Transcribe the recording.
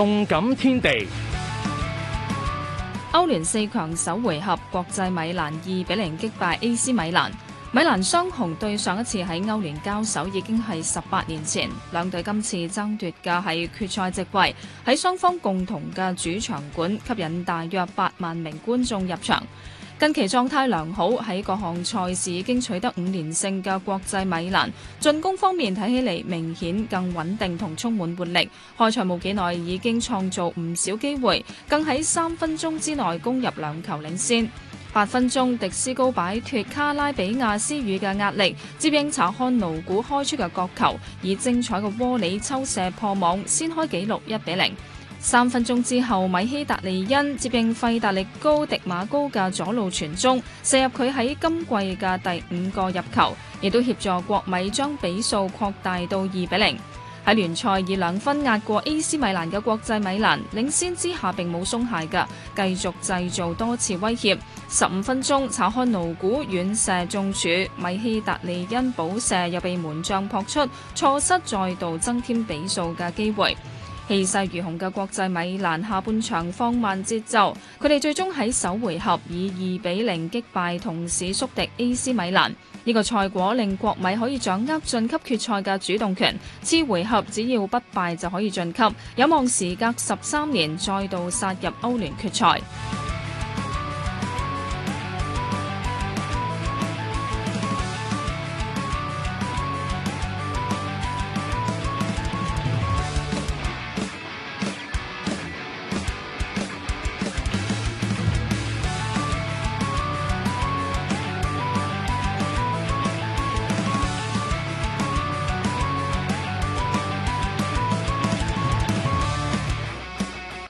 動感天地，歐聯四強首回合國際，國際米蘭二比零擊敗 AC 米蘭，米蘭雙雄對上一次喺歐聯交手已經係十八年前，兩隊今次爭奪嘅係決賽席位，喺雙方共同嘅主場館吸引大約八萬名觀眾入場。近期狀態良好，喺各項賽事已經取得五連勝嘅國際米蘭進攻方面睇起嚟明顯更穩定同充滿活力。開賽冇幾耐已經創造唔少機會，更喺三分鐘之內攻入兩球領先。八分鐘迪斯高擺脱卡拉比亞斯語嘅壓力，接應查漢奴古開出嘅角球，以精彩嘅窩利抽射破網先開紀錄一比零。三分鐘之後，米希達利恩接應費達歷高迪馬高嘅左路傳中，射入佢喺今季嘅第五個入球，亦都協助國米將比數擴大到二比零。喺聯賽以兩分壓過 AC 米蘭嘅國際米蘭，領先之下並冇鬆懈嘅，繼續製造多次威脅。十五分鐘，查漢奴古遠射中柱，米希達利恩補射又被門將撲出，錯失再度增添比數嘅機會。氣勢如虹嘅國際米蘭下半場放慢節奏，佢哋最終喺首回合以二比零擊敗同市宿敵 AC 米蘭。呢個賽果令國米可以掌握晉級決賽嘅主動權。次回合只要不敗就可以晉級，有望時隔十三年再度殺入歐聯決賽。